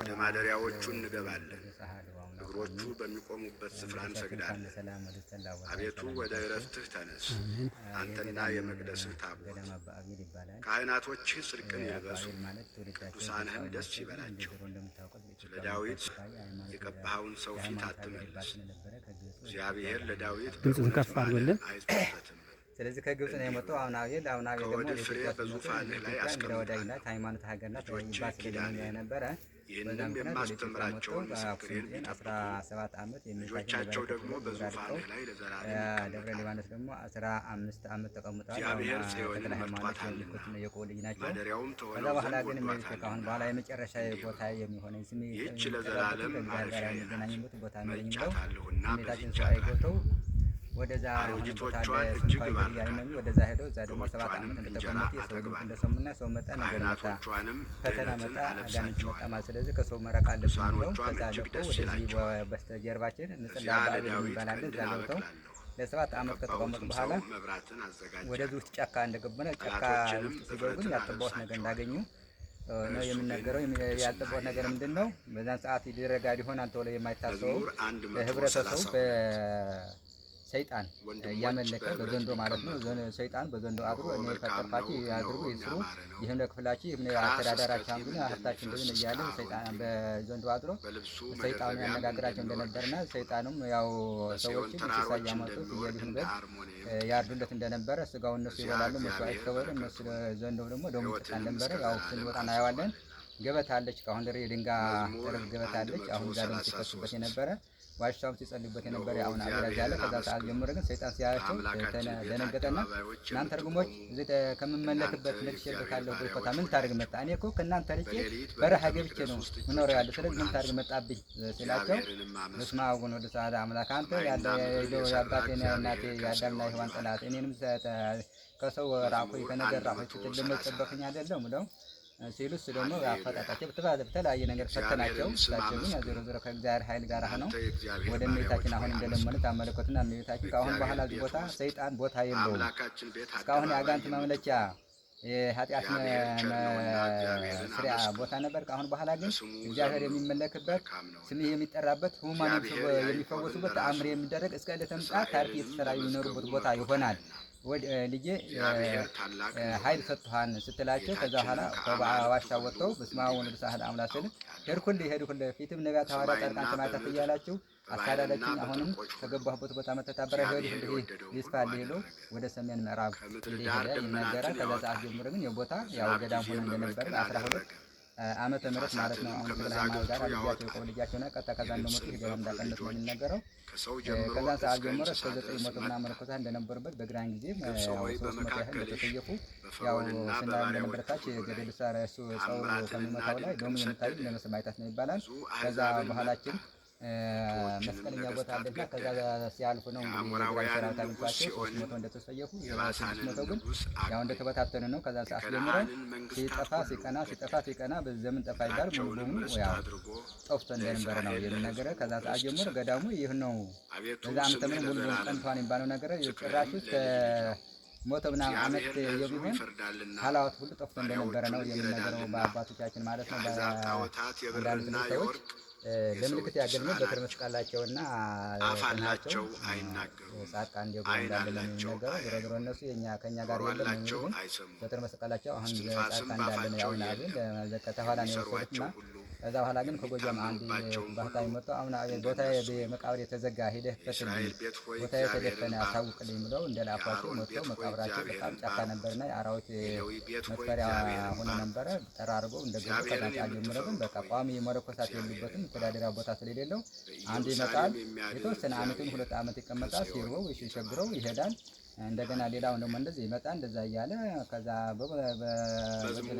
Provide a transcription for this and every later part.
ወደ ማደሪያዎቹ እንገባለን። እግሮቹ በሚቆሙበት ስፍራ እንሰግዳለን። አቤቱ ወደ እረፍትህ ተነስ፣ አንተና የመቅደስህ ታቦት። ካህናቶችህ ጽድቅን ይልበሱ፣ ቅዱሳንህም ደስ ይበላቸው። ስለ ዳዊት የቀባኸውን ሰው ፊት አትመልስ። እግዚአብሔር ለዳዊት ድምፅን ከፍ አይጽበትም ስለዚህ ከግብጽ ነው የመጣው። አሁን አቡናዊል ደግሞ በዙፋንህ ላይ አስቀምጣለሁ ሃይማኖት ሀገር ናት ነበረ። ይህንንም የማስተምራቸውን ምስክሬን ቢጠብቁ ልጆቻቸው ደግሞ በዙፋንህ ላይ ለዘላለም ደብረ ሊባኖስ ደግሞ አስራ አምስት ዓመት ተቀምጠዋል። እግዚአብሔር ጽዮንን መርጧታልና ማደሪያውም ከዛ በኋላ ግን ከአሁን በኋላ የመጨረሻ ቦታ የሚሆነኝ ስሜ ይህች ለዘላለም ማረፊያ ናት መርጫታለሁና በዚህች አድራለሁ ወደዛ አሮጊቶቿን እጅግ ይባርካል። ጾሞቿንም እንጀራ አጠግባል። ካህናቶቿንም ድኅነትን አለብሳቸዋል። ቅዱሳኖቿም እጅግ ደስ ይላቸዋል። እዚያ ለዳዊት ቀንድን አበቅላለሁ። ለሰባት ዓመት ከተቀመጡ በኋላ ወደዚህ ውስጥ ጫካ እንደገቡነ ጫካ ውስጥ ሲገቡ ግን ያልጠባሁት ነገር እንዳገኙ ነው የሚነገረው። ያልጠባሁት ነገር ምንድን ነው? በዛን ሰዓት ይደረጋል ይሆናል ተብሎ የማይታሰበው ህብረተሰቡ ሰይጣን እያመለከ በዘንዶ ማለት ነው። ሰይጣን በዘንዶ አድሮ እኔ ከጠፋች አድርጉ ይስሩ ይህም ለክፍላችሁ ይህም አስተዳደራችሁ ግን ሀብታችን እንደምን እያለ በዘንዶ አድሮ ሰይጣኑ ያነጋግራቸው እንደነበርና ሰይጣኑም ያው ሰዎችን እንስሳ እያመጡት ፍየሉን በግ ያርዱለት እንደነበረ ስጋው እነሱ ይበላሉ፣ መስ አይከበሉ፣ እነሱ ዘንዶ ደግሞ ደሞ ይጠጣ ነበረ። ያው ስንወጣ እናየዋለን። ገበታ አለች፣ ከአሁን ድሬ ድንጋይ ገበታ አለች። አሁን ጋር ደግሞ ሲከሱበት የነበረ ዋሻውም ሲጸልዩበት የነበረ አሁን አብራጅ አለ። ከዛ ሰዓት ጀምሮ ግን ሰይጣን ሲያያቸው ደነገጠና እናንተ ርጉሞች እዚህ ከምመለክበት ንግሽበት ካለሁ ቦታ ምን ታደርግ መጣ? እኔ እኮ ከእናንተ ልጄ በረሃ ገብቼ ነው እኖረው ያለ። ስለዚህ ምን ታደርግ መጣብኝ ሲላቸው በስመ አብ ወወልድ ወመንፈስ አምላክ አንተ ያለ የአባቴና የእናቴ የአዳምና የሔዋን ጠላት እኔንም ከሰው ራቁ ከነገር ራቆች ትልመጠበቅኝ አይደለም ብለው ሲሉ እሱ ደግሞ አፈጣጣቸው በተለያየ ነገር ፈተናቸው። ስላቸው ግን ዞሮ ዞሮ ከእግዚአብሔር ኃይል ጋር ነው ወደ እመቤታችን አሁን እንደለመኑት አመለኮትና እመቤታችን ከአሁን በኋላ እዚህ ቦታ ሰይጣን ቦታ የለውም። እስካሁን የአጋንንት ማምለኪያ የኃጢአት ስሪያ ቦታ ነበር። ከአሁን በኋላ ግን እግዚአብሔር የሚመለክበት ስምህ የሚጠራበት ህሙማን የሚፈወሱበት ተአምር የሚደረግ እስከ ዕለተ ምጽአት ታሪክ የተሰራ የሚኖሩበት ቦታ ይሆናል። ልጄ ኃይል ሰጥቷን ስትላቸው ከዛ በኋላ ዋሻ ወጥተው በስመ አብ ወወልድ ወመንፈስ ቅዱስ አምላክ ስል ሄድኩልህ ሄድኩልህ ፊትም ነቢያት ሐዋርያት ጻድቃን ሰማዕታት እያላችሁ አሳዳዳችሁኝ። አሁንም ከገባሁበት ቦታ መተህ ታበራ ሄድህ እንግዲህ ሊሉ ወደ ሰሜን ምዕራብ ሄደ ይናገራል። ከዛ ሰዓት ጀምሮ ግን የቦታ ያው ገዳም ሆኖ እንደነበረ አስራ ሁለት ዓመተ ምሕረት ማለት ነው። አሁን ክፍለ ሃይማኖት ጋር ልጃቸው የቆብ ልጃቸው ና ቀጣ ከዛ እንደሞቱ ገዳም እንዳቀነሱ ነው የሚነገረው ከዛ ሰዓት ጀምሮ እስከ ዘጠኝ መቶ ምናምን መነኮሳት እንደነበሩበት በግራን ጊዜ እንደተሰየፉ ያው ስናየው እንደነበረታች የገደል ሰው ከሚመታው ላይ ዶም የምታዩ እንደመሰማይታት ነው ይባላል። ከዛ ባህላችን መስቀለኛ ቦታ አለና ከዛ ሲያልፉ ነው እንግዲህ እንደተሰየፉ ስድስት ግን ያው እንደተበታተኑ ነው። ከዛ ሰዓት ጀምሮ ሲጠፋ ሲቀና ሲጠፋ ሲቀና በዘመን ጠፋ ይባል ሙሉ በሙሉ ያው ጠፍቶ እንደነበረ ነው የሚነገረ። ከዛ ሰዓት ጀምሮ ገዳሙ ይህ ነው። በዛ አመተ ምን ሙሉ ጠንቷን የሚባለው ነገር ጭራሽ ሞተ ምናምን አመት የቢሆን ሀላወት ሁሉ ጠፍቶ እንደነበረ ነው የሚነገረው በአባቶቻችን ማለት ነው። በአንዳንድ ሰዎች ለምልክት ያገል ነው። በትረ መስቀላቸውና አፋላቸው አይናገሩም፣ ጻድቃን እንደ ጎንዳለ ለሚነገረው ዞሮ ዞሮ እነሱ የኛ ከኛ ጋር የለም። በትረ መስቀላቸው አሁን ጻድቃን እንዳለ ነው ያውናሉ ከተኋላ ነው የወሰዱትና ከዛ በኋላ ግን ከጎጃም አንድ ባህታዊ መጥቶ አሁን ቦታ መቃብር የተዘጋ ሄደህ ክፈትልኝ፣ ቦታ የተደፈነ አሳውቅልኝ ብለው እንደላኳቸው መጥተው መቃብራቸው በጣም ጫካ ነበርና የአራዊት መስፈሪያ ሆነ ነበረ። ጠራርጎ እንደ ከዳጫ ጀምረ ግን በቃ ቋሚ መረኮሳት የሉበትም መተዳደሪያ ቦታ ስለሌለው አንድ ይመጣል የተወሰነ አመትን ሁለት አመት ይቀመጣል። ሲርበው ይሸብረው ይሄዳል። እንደገና ሌላው ደግሞ እንደዚህ ይመጣ እንደዛ እያለ ከዛ ደግሞ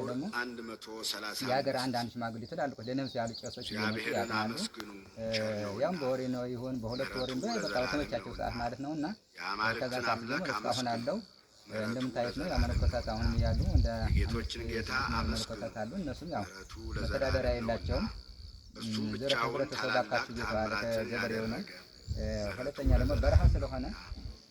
የሀገር አንድ አንድ ሽማግሌ ትላልቆች ለነብስ ያሉ ቄሶች ያም በወሬ ነው ይሁን በሁለት ወሬ በቃ በተመቻቸው ሰዓት ማለት ነው። እና ከዛ ሰዓት ደግሞ እስካሁን አለው እንደምታየት ነው ያመለኮታት አሁን እያሉ እንደ መለኮታት አሉ። እነሱም ያው መተዳደሪያ የላቸውም። ዘረ ህብረተሰብ ባካችሁ እየተባለ ገበሬው ነው። ሁለተኛ ደግሞ በረሃ ስለሆነ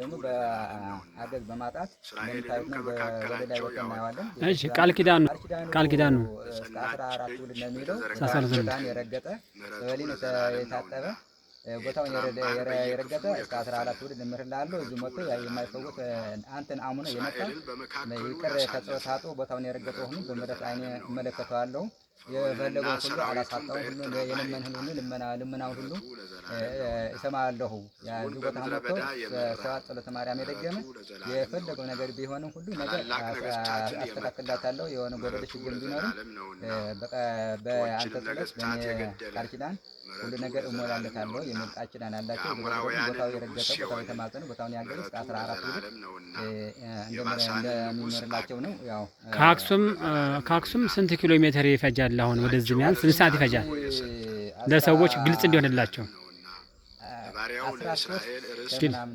ደግሞ በማጣት እንደምታዩት ነው። በወለዳይ ወጥ እሺ ቃል ኪዳን ነው ቃል ኪዳን ነው እስከ አስራ አራት ውል እንደሚለው ቦታን የረገጠ በበሊን የታጠበ ቦታውን የረገጠ እስከ አስራ አራት ውል እምርልሃለሁ እዚሁ መጥቶ የማይፈውት አንተን አሙነ የመጣ ይቅር ተጽወታጦ ቦታውን የረገጠ ሆኑ በምሕረት ዓይኔ እመለከተዋለሁ። የፈለገው ሁሉ አላሳጣው ሁሉ የለመንህን ሁሉ ልመና ልመናው ሁሉ እሰማለሁ። ያዚ ቦታ መጥቶ ሰባት ጸሎተ ማርያም የደገመ የፈለገው ነገር ቢሆንም ሁሉ ነገር አስተካክላታለሁ። የሆነ ጎደሎ ችግር ቢኖርም በአንተ ጸሎት በኔ ቃል ኪዳን ሁሉ ነገር እሞላለታለሁ የሚል ቃል ኪዳን አላቸው። ቦታው የረገጠ ቦታው የተማጸነ ቦታውን እስከ አስራ አራት እንደሚኖርላቸው ነው። ያው ከአክሱም ከአክሱም ስንት ኪሎ ሜትር ይፈጃል? አሁን ወደዚህ ሚያል ስንት ሰዓት ይፈጃል? ለሰዎች ግልጽ እንዲሆንላቸው አስራ ሶስት ምናምን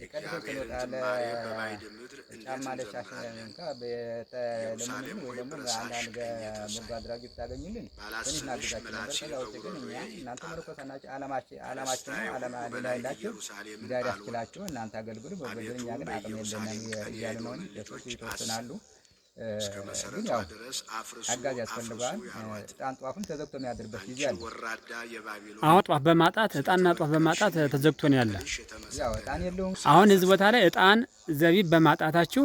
የቀድሶ ችሎታ ለጫማ ለሻሽ እንኳ በተለምድ ወይ ደግሞ በአንዳንድ በበጎ አድራጊ ብታገኙልን ትንሽ እናግዛችሁ። ከዛ ውጭ ግን እኛ እናንተ መርኮሳና አለማችን ነው አለማ ሌላ የላችሁ። እግዚአብሔር ያስችላችሁ፣ እናንተ አገልግሉ። በበደል እኛ ግን አቅም የለንም እያሉ ነው። ቄሶች ይተወስናሉ። አጋዥ ያስፈልገዋል። ጧፍም ተዘግቶ የሚያድርበት ጊዜ አለ። አሁን ጧፍ በማጣት ጧፍ በማጣት ተዘግቶ ነው ያለ። አሁን እዚህ ቦታ ላይ እጣን ዘቢብ በማጣታችሁ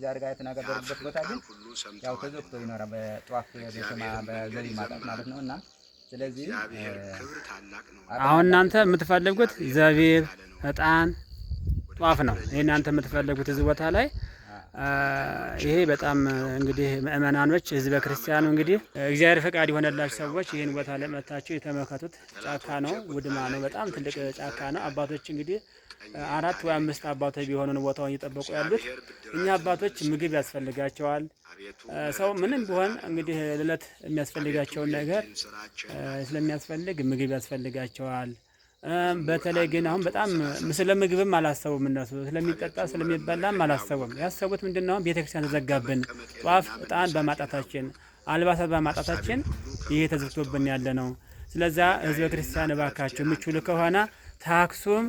እንደዚህ አድርጋ የተናገረበት ቦታ ግን ያው ተዘግቶ ይኖራል፣ በጠዋፍ በሸማ በዘቢ ማጣት ማለት ነው። እና ስለዚህ አሁን እናንተ የምትፈልጉት ዘቢብ፣ እጣን፣ ጧፍ ነው። ይህ እናንተ የምትፈልጉት እዚህ ቦታ ላይ ይሄ በጣም እንግዲህ ምእመናኖች፣ ህዝበ ክርስቲያኑ እንግዲህ እግዚአብሔር ፈቃድ የሆነላችሁ ሰዎች ይህን ቦታ ለመታችሁ የተመከቱት ጫካ ነው፣ ውድማ ነው፣ በጣም ትልቅ ጫካ ነው። አባቶች እንግዲህ አራት ወይ አምስት አባቶች ቢሆኑን ቦታውን እየጠበቁ ያሉት እኛ አባቶች ምግብ ያስፈልጋቸዋል። ሰው ምንም ቢሆን እንግዲህ ልለት የሚያስፈልጋቸውን ነገር ስለሚያስፈልግ ምግብ ያስፈልጋቸዋል። በተለይ ግን አሁን በጣም ስለ ምግብም አላሰቡም እነሱ ስለሚጠጣ ስለሚበላም አላሰቡም። ያሰቡት ምንድን ነው? ቤተክርስቲያን ተዘጋብን፣ ጧፍ እጣን በማጣታችን አልባሳት በማጣታችን ይሄ ተዘግቶብን ያለ ነው። ስለዚያ ህዝበ ክርስቲያን እባካችሁ የምችሉ ከሆነ ታክሱም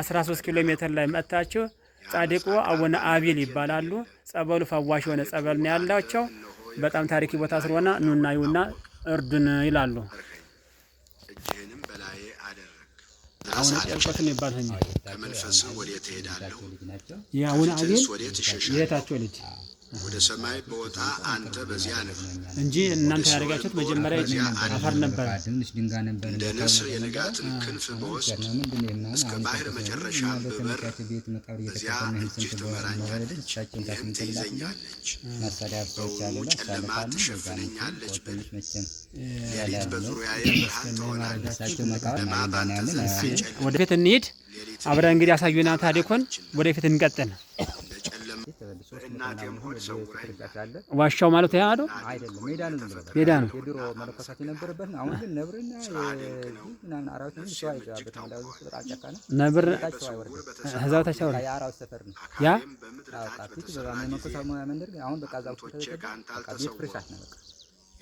13 ኪሎ ሜትር ላይ መጥታችሁ ጻድቁ አቡነ አቢል ይባላሉ። ጸበሉ ፈዋሽ የሆነ ጸበል ነው ያላቸው። በጣም ታሪክ ቦታ ስለሆነ ኑና ይሁና እርዱን ይላሉ። አቡነ ጨርቆስ የሚባል ሰው ከመንፈስ ወዴት እሄዳለሁ? የአቡነ አቤል የእህታቸው ልጅ ወደ ሰማይ በወጣ አንተ በዚያ ነህ እንጂ እናንተ ያደረጋችሁት መጀመሪያ አፈር ነበር። እንደ ንስር የንጋትን ክንፍ በወስድ እስከ ባህር መጨረሻ ብበር በዚያ እጅህ ትመራኛለች፣ ይህም ትይዘኛለች። በውኑ ጨለማ ትሸፍነኛለች ሌሊት በዙሪያዬ ብርሃን ትሆናለች። ደማ ባንተ ዘንድ ወደፊት እንሂድ አብረን እንግዲህ አሳዩና ታሪኩን ወደፊት እንቀጥል። ዋሻው ማለት ያ ነው አይደለም፣ ሜዳ ነው። ሜዳ ነው የድሮ የነበረበት አሁን ግን ነብርና አራዊት ነብር ህዛው ነው የአራዊት ሰፈር ነው ያ ሙያ መንደር ግን አሁን በቃ ቤት ፍርሻት ነው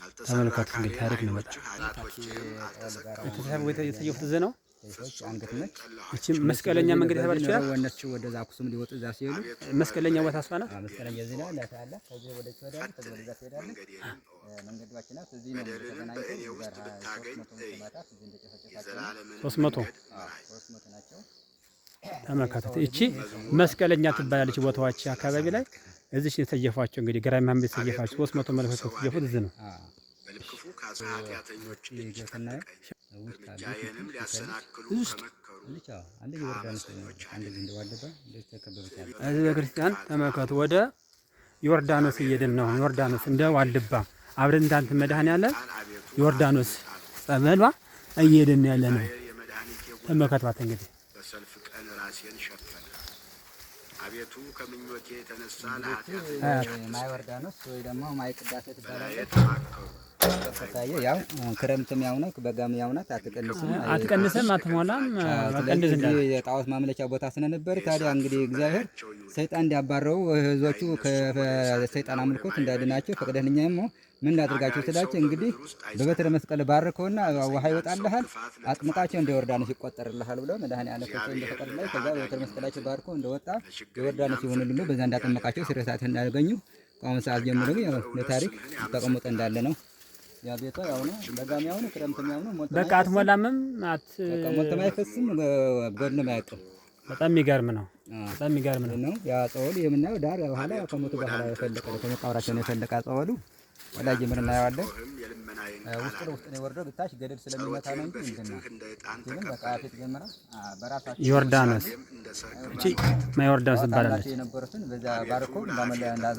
በቃ ተመልካቱ እንግዲህ ታሪክ ነው በጣም ዘ ነው አንገት ነች። መስቀለኛ መንገድ የተባለች ይችላል ወነች ወደ ሊወጡ እዛ ሲሄዱ መስቀለኛ ቦታ እሷ ናት። መስቀለኛ እዚህ ላይ ናት አለ። ከዚህ ወደ ትሄዳለች፣ ከዚህ ወደ እዛ ትሄዳለች። ናት። እዚህ ነው ሶስት መቶ ናቸው። እቺ መስቀለኛ ትባላለች። ቦታዎች አካባቢ ላይ እዚህ የተየፏቸው እንግዲህ ገራሚ ሀምድ የተሰየፋቸው ሶስት መቶ መለከቶች የተሰየፉት እዚህ ነው። እርምጃዬንም ሊያሰናክሉ ተመከቱ። ወደ ዮርዳኖስ እየድን ነው። ዮርዳኖስ እንደ ዋልባ አብረን እንዳንት መድኃኔዓለም ዮርዳኖስ ጸበሏ እየድን ያለ ነው። ተመከቷት እንግዲህ በሰልፍ ቀን ራሴን ሸፈነ። አቤቱ ከምኞቴ የተነሳ ለኃጢአት ማይ ዮርዳኖስ ወይ ደግሞ ማይ ቅዳሴ ትባላለች። ስታየው ያው ክረምትም ያው ነው፣ በጋም ያው ናት። አትቀንስም አትቀንስም አትሞላም። የጣዖት ማምለኪያ ቦታ ስለነበር ታዲያ እንግዲህ እግዚአብሔር ሰይጣን እንዲያባረው ህዝቦቹ ከሰይጣን አምልኮት እንዳድናቸው ፈቅደልኛም ምን ላድርጋቸው ስላቸው እንግዲህ በበትረ መስቀል ባርከውና ውሃ ይወጣልሃል አጥምቃቸው እንደ ዮርዳኖስ ይቆጠርልሃል ብለው መድኃኔዓለም ያለፈቸው እንደፈቀድ ላይ ከዛ በበትረ መስቀላቸው ባርኮ እንደወጣ የዮርዳኖስ የሆኑ ልሞ በዛ እንዳጠመቃቸው ስረሳት እንዳገኙ ከአሁን ሰዓት ጀምሮ ግን ለታሪክ ተቀምጦ እንዳለ ነው። ያ ቤቷ ያው ነው። በጋም ያው ነው፣ ክረምትም ያው ነው። በቃ አትሞላምም፣ አት ሞልተም አይፈስም፣ ጎንም አያውቅም። በጣም የሚገርም ነው። በጣም የሚገርም ነው። ያ ጸበሉ የምናየው ዳር በኋላ ከሞቱ በኋላ የፈለቀ ከሞት ነው የፈለቀ ጸበሉ ወላጅ ምን እናየዋለን። ውስጥ ለውስጥ ነው የወርደው ብታሽ ገደል ስለሚመታ ነው እንጂ እንትን በቃ ፊት ጀምራ በራሳቸው ዮርዳኖስ እቺ ማዮርዳኖስ ይባላለች የነበሩትን በዛ ባርኮ እንዳመላ እንዳዘ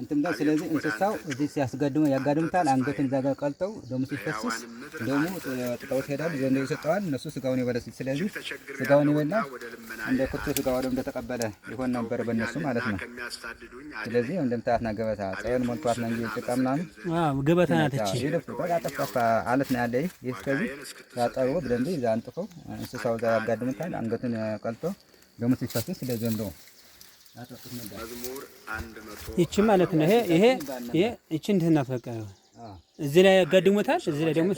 እንትም ጋር ስለዚህ እንስሳው እዚህ ሲያስጋድመው ያጋድምታል። አንገትን እዛ ጋር ቀልጠው ደሙ ሲፈስስ ደሙ ጥጠውት ሄዳል። ዘንዶ ይሰጠዋል። እነሱ ስጋውን ይበላል። ስለዚህ ስጋውን ይበላ እንደ ኩርቱ ስጋው ደም እንደተቀበለ ይሆን ነበር በእነሱ ማለት ነው። ስለዚህ እንደምታያትና ገበታ ጸዮን ሞልቷት ነው እንጂ ጭቃ ምናምን ገበታ ናት። እቺ በቃ ጠፍጣፋ አለት ነው ያለ። ይህ እስከዚህ ያጠሩ ብለንብ ዛ አንጥፈው እንስሳው እዛ ያጋድምታል። አንገቱን ቀልጦ ደሙ ሲፈስስ ለዘንዶ ይቺ ማለት ነው። ይሄ ይሄ ይሄ ይቺ እንትን ናት። እዚህ ላይ ያጋድሞታል። እዚህ ላይ ደግሞ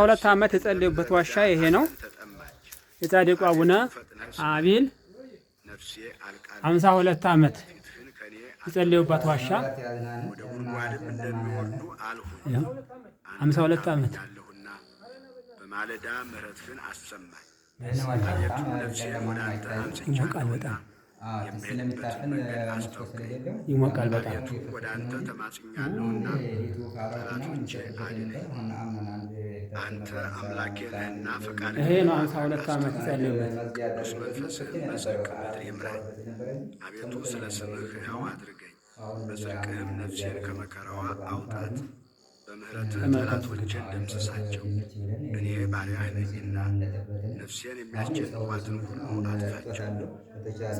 ሁለት ዓመት የጸለዩበት ዋሻ ይሄ ነው። የጻድቁ አቡነ አቢል ሀምሳ ሁለት ዓመት የጸለዩባት ዋሻ ሀምሳ ሁለት ዓመት ማለዳ ምሕረትህን አሰማኝ። ይሞቃል ነፍሴን ወደ አንተ ወደ አንተ ተማጽኛለሁና አንተ አምላኬ ነህና ቅዱስ በጽድቅ ምድር ይምራኝ። አቤቱ ስለ ስምህ ሕያው አድርገኝ፣ በጽድቅህም ነፍሴን ከመከራዋ አውጣት። በምሕረት ጠላቶችን ደምስሳቸው። እኔ ባሪያህ ነኝና ነፍሴን የሚያስጨንቋትን ሁሉ አጥፋቸው።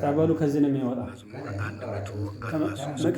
ጸበሉ ከዚህ ነው የሚወጣ መዝሙር አንድ መቶ አርባ ሶስት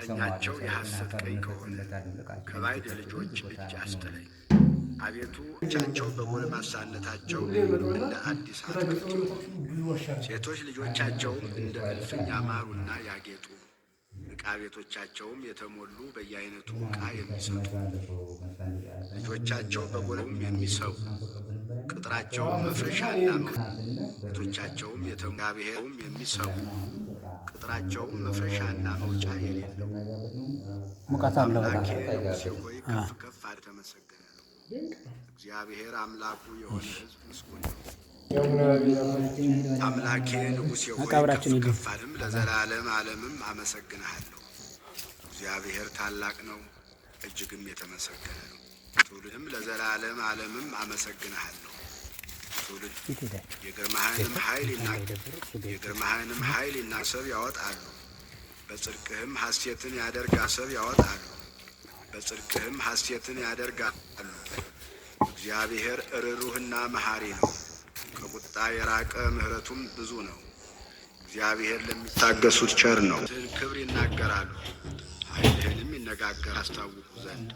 ቀኛቸው የሐሰት ቀኝ ከሆነ ከባዕድ ልጆች እጅ አስጥለኝ። አቤቱ እጃቸው በጎልማሳነታቸው እንደ አዲስ አትክልት ሴቶች ልጆቻቸውም እንደ እልፍኝ ያማሩና ያጌጡ ዕቃ ቤቶቻቸውም የተሞሉ በየአይነቱ ዕቃ የሚሰጡ ልጆቻቸው በጎልም የሚሰቡ ቅጥራቸውም መፍረሻና ቤቶቻቸውም የተሞሉ እግዚአብሔርም የሚሰቡ ቅጥራቸውም መፍረሻና መውጫ የሌለው ሙቀት አለ። ሙሴ ሆይ ከፍ ከፍ ነው። እግዚአብሔር አምላኩ የሆነ ምስጉን ነው። አምላኬ ንጉሴ ሆይ ከፍ ከፍ አልም ለዘላለም ዓለምም አመሰግንሃለሁ። እግዚአብሔር ታላቅ ነው፣ እጅግም የተመሰገነ ነው። ትውልድም ለዘላለም ዓለምም አመሰግንሃለሁ። ትውልድ የግርማህንም ኃይል እና ሰብ ያወጣሉ። በጽድቅህም ሐሴትን ያደርጋ ሰብ ያወጣሉ። በጽድቅህም ሐሴትን ያደርጋሉ። እግዚአብሔር ርኅሩህና መሐሪ ነው፣ ከቁጣ የራቀ ምሕረቱም ብዙ ነው። እግዚአብሔር ለሚታገሱት ቸር ነው። ክብር ይናገራሉ ኃይልህን የሚነጋገር አስታውቁ ዘንድ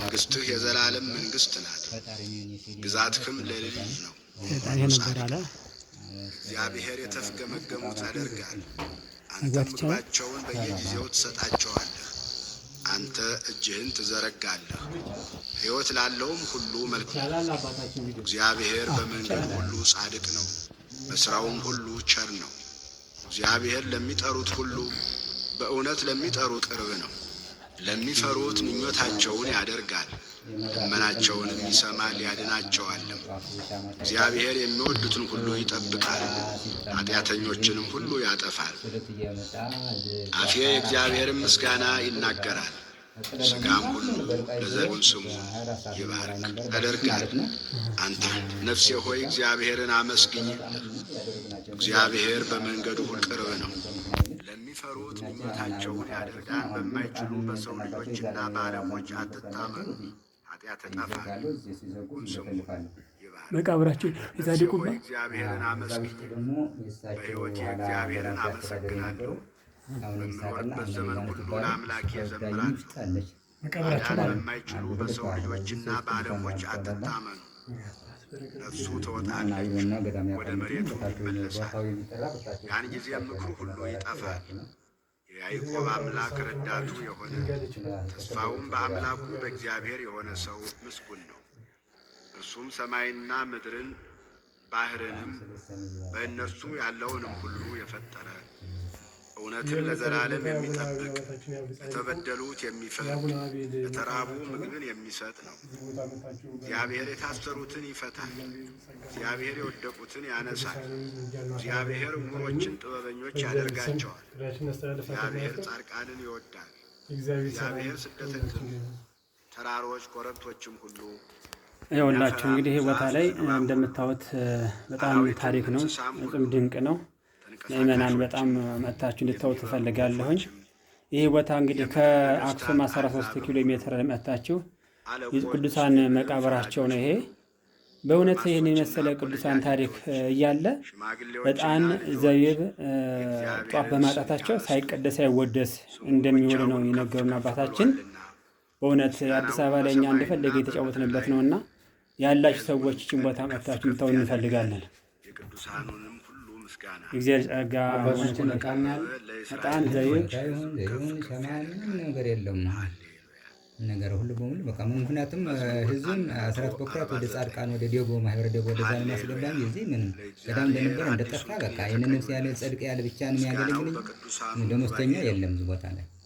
መንግስትህ የዘላለም መንግስት ናት፣ ግዛትህም ለልጅ ነው። እግዚአብሔር የተፍገመገሙ ታደርጋል። አንተ ምግባቸውን በየጊዜው ትሰጣቸዋለህ። አንተ እጅህን ትዘረጋለህ፣ ሕይወት ላለውም ሁሉ መልክ። እግዚአብሔር በመንገድ ሁሉ ጻድቅ ነው፣ በሥራውም ሁሉ ቸር ነው። እግዚአብሔር ለሚጠሩት ሁሉ በእውነት ለሚጠሩት ቅርብ ነው። ለሚፈሩት ምኞታቸውን ያደርጋል፣ ልመናቸውንም ይሰማል ያድናቸዋልም። እግዚአብሔር የሚወዱትን ሁሉ ይጠብቃል፣ ኃጢአተኞችንም ሁሉ ያጠፋል። አፌ የእግዚአብሔርን ምስጋና ይናገራል፣ ስጋም ሁሉ ለዘሩን ስሙ ይባርክ ያደርጋል። አንተ ነፍሴ ሆይ እግዚአብሔርን አመስግኝ። እግዚአብሔር በመንገዱ ሁሉ ቅርብ ነው በሚፈሩት ምኞታቸውን ያደርጋል። በማይችሉ በሰው ልጆችና በዓለሞች አትታመኑ፣ ኃጢአት ጠፋል። መቃብራችን የጻድቁ እግዚአብሔርን አመስግኝ። በሕይወቴ እግዚአብሔርን አመሰግናለሁ። በምኖርበት ዘመን ሁሉ ለአምላኬ እዘምራለሁ። በማይችሉ በሰው ልጆችና በአለሞች አትታመኑ ነፍሱ ተወጣለች፣ ወደ መሬቱ ይመለሳል። ያን ጊዜ ምክሩ ሁሉ ይጠፋል። የያዕቆብ አምላክ ረዳቱ የሆነ ተስፋውም በአምላኩ በእግዚአብሔር የሆነ ሰው ምስጉን ነው። እርሱም ሰማይና ምድርን ባህርንም በእነርሱ ያለውንም ሁሉ የፈጠረ እውነትን ለዘላለም የሚጠብቅ ለተበደሉት የሚፈርድ ለተራቡ ምግብን የሚሰጥ ነው። እግዚአብሔር የታሰሩትን ይፈታል። እግዚአብሔር የወደቁትን ያነሳል። እግዚአብሔር ዕውሮችን ጥበበኞች ያደርጋቸዋል። እግዚአብሔር ጻድቃንን ይወዳል። እግዚአብሔር ስደተኞችን፣ ተራሮች፣ ኮረብቶችም ሁሉ ይኸውላችሁ እንግዲህ ቦታ ላይ እንደምታዩት በጣም ታሪክ ነው። በጣም ድንቅ ነው። ምእመናን በጣም መታችሁ እንድታው ትፈልጋለሁኝ። ይህ ቦታ እንግዲህ ከአክሱም 13 ኪሎ ሜትር መታችሁ ቅዱሳን መቃብራቸው ነው። ይሄ በእውነት ይህን የመሰለ ቅዱሳን ታሪክ እያለ በጣም ዘቢብ ጧፍ በማጣታቸው ሳይቀደስ ሳይወደስ እንደሚውል ነው የነገሩን አባታችን። በእውነት አዲስ አበባ ላይ እኛ እንደፈለገ የተጫወትንበት እና ያላችሁ ሰዎች ይህችን ቦታ መታችሁ እንድታዩ እንፈልጋለን። እግዚአብሔር ጸጋ ዕጣን፣ ዘይት ምንም ነገር የለም። ነገር ሁሉ በሙሉ በቃ ምክንያቱም ህዝቡን አስራት በኩራት ወደ ጻድቃን ወደ ማህበረ ወደዛ ጊዜ ምንም ገዳም እንደጠፋ በቃ ይህንንም ያለ ጸድቅ ያለ ብቻ ነው የሚያገለግል ደመወዝተኛ የለም ቦታ ላይ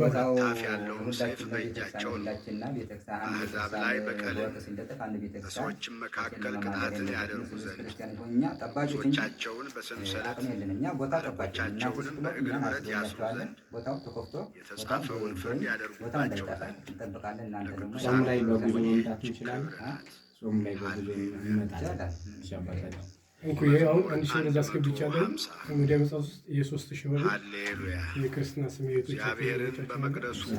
መጣፍ ያለውን ሰይፍ በእጃቸው ነው። አሕዛብ ላይ በቀልን በሰዎችም መካከል ቅጣትን ያደርጉ ዘንድ ሰዎቻቸውን በሰንሰለት አለቆቻቸውንም በእግር ብረት ያስሩ ዘንድ የተጻፈውን ፍርድ ያደርጉባቸው ዘንድ ለቅዱሳን ሁሉ ይህች ክብር ይመጣል። እንኩያው አንድ ሺህ ወደዛ አስገብቻለሁ። ከሚዲያ መጽሐፍ ውስጥ የሶስት ሺህ ወደ የክርስትና ስሜቶች እግዚአብሔርን በመቅደሱ